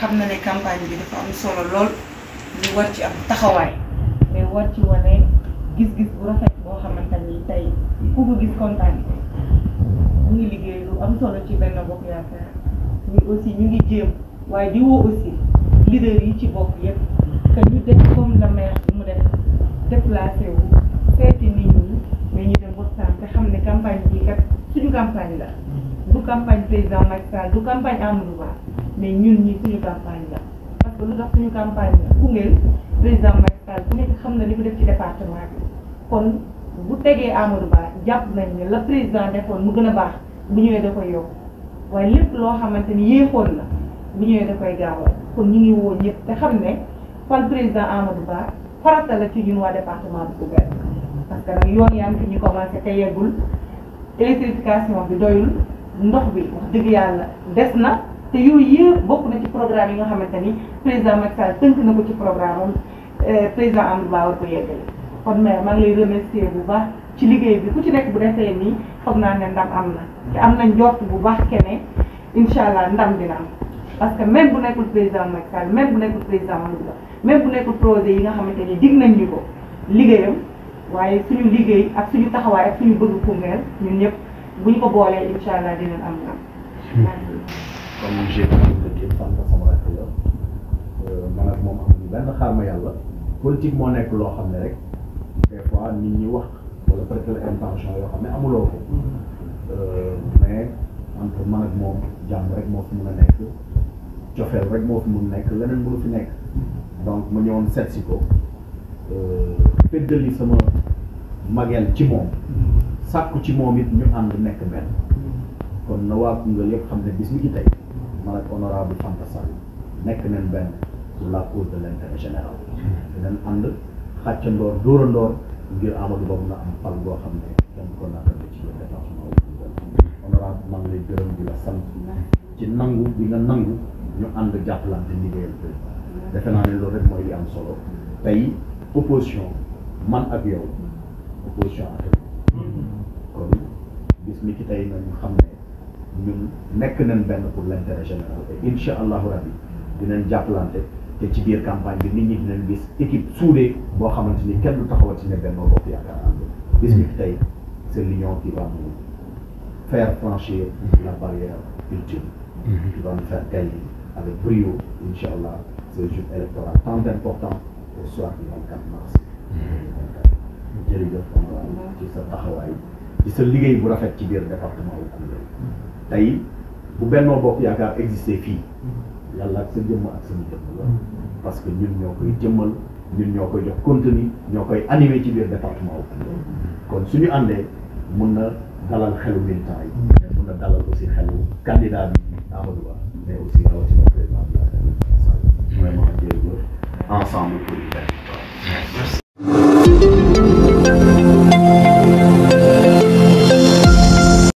xam na ne campagne bi dafa am solo lool ñu war ci am taxawaay mais war ci wane gis-gis bu rafet boo xamante ni tey ku ko gis kontaan mu ngi liggéey lu am solo ci benn bokk yaakaar ñu aussi ñu ngi jéem waaye di yi ci bokk yépp que ñu la maire bi mu ñu dem waxtaan campagne bi kat suñu campagne la du campagne président Macky saa du campagne Amadou Ba mais ñun ñi suñu campagne la parce que lu tax suñu campagne la président Macky ku nekk xam na li mu def ci département kon bu tegee Amadou baax jàpp nañ ne la président defoon mu gën a baax bu ñëwee da koy yow waaye lépp loo xamante ni yéexoon la bu ñëwee da koy gaawal kon ñu ngi woon ñëpp te xam ne fal président Amadou Ba farata la ci ñun waa département bu Koungheul parce que nag yoon yaa ngi fi ñu commencé te yeggul électrification bi doyul ndox bi wax dëgg yàlla des na te yooyu yëpp bokk na ci programme yi nga xamante ni président Macky Sall na ko ci programme am eh, baa war ko yeggale kon maire maa ngi lay remercier bu baax ci liggéey bi ku ci nekk bu defee nii foog naa ne ndam am na te am na njort bu baax kene incha allah ndam dina am parce que même bu nekkul président Macky Sall bu nekkul président Amadou Ba même bu nekkul projet yi nga xamante ni dig nañ ñu ko liggéeyam waaye suñu liggéey ak suñu taxawaay ak suñu bëgg Koungheul ñun ñëpp bu ñu ko boolee incha allah dinañ am comme j'ai dëgg sànq euh, man ak moom benn xaar ma yàlla politique moo nekk loo xam ne rek des fois nit ñi wax wala peut-être intention yoo xam ne amuloo ko euh, mais entre man ak moom jàmm rek moo fi mun a nekk cofeel rek moo fi mun nekk leneen bu mënu fi nekk donc ma ñëwoon seet si ko euh, feddali sama mageel ci moom sàkku ci moom it ñu ànd nekk benn kon na waa Koungheul yëpp xam ne bis mi ci tey ma ak honorable Fanta Sall nekk nañ benn pour la cause de l' intérêt général dinañ ànd xàccandoor dóorandoor ngir amalu Ba mun a am pal boo xam ne dañ ko naatale ci département honorable maa ngi lay gërëm di la sant ci nangu bi nga nangu ñu ànd jàppalante liggéeyal président defe naa ne loolu rek mooy li am solo tey opposition man ak yow opposition ak kon bis ni ki tey nañu xam ne nekk nañ benn pour l' intérêt général et incha allahu rabi dinañ jàppalante te ci biir campagne bi nit ñi dinañ gis équipe soudée boo xamante ni kenn du taxawati ne Benno Bokk Yaakaar ànd bis bi tey c' est l'union qui va nous faire franchir la barrière ultime mhm. qui va nous faire gagner brio incha allah ce jour électoral tant important au soir du 24 mars mhm. jërëjëf ci sa taxawaay ci sa liggéey bu rafet ci biir département bu Benno Bokk Yaakaar existé fii mm-hmm. yàlla ak sa jëmm ak sama jëmm la mm-hmm. parce que ñun ñoo koy jëmmal ñun ñoo koy jox contenu ñoo koy animé ci biir département wu mm-hmm. kon suñu àndee mun na dalal xelu militant yi mun na dalal aussi xelu candidat bi Amadou Ba mais aussi rawatina président bi la vraiment jërëjëf ensemble pour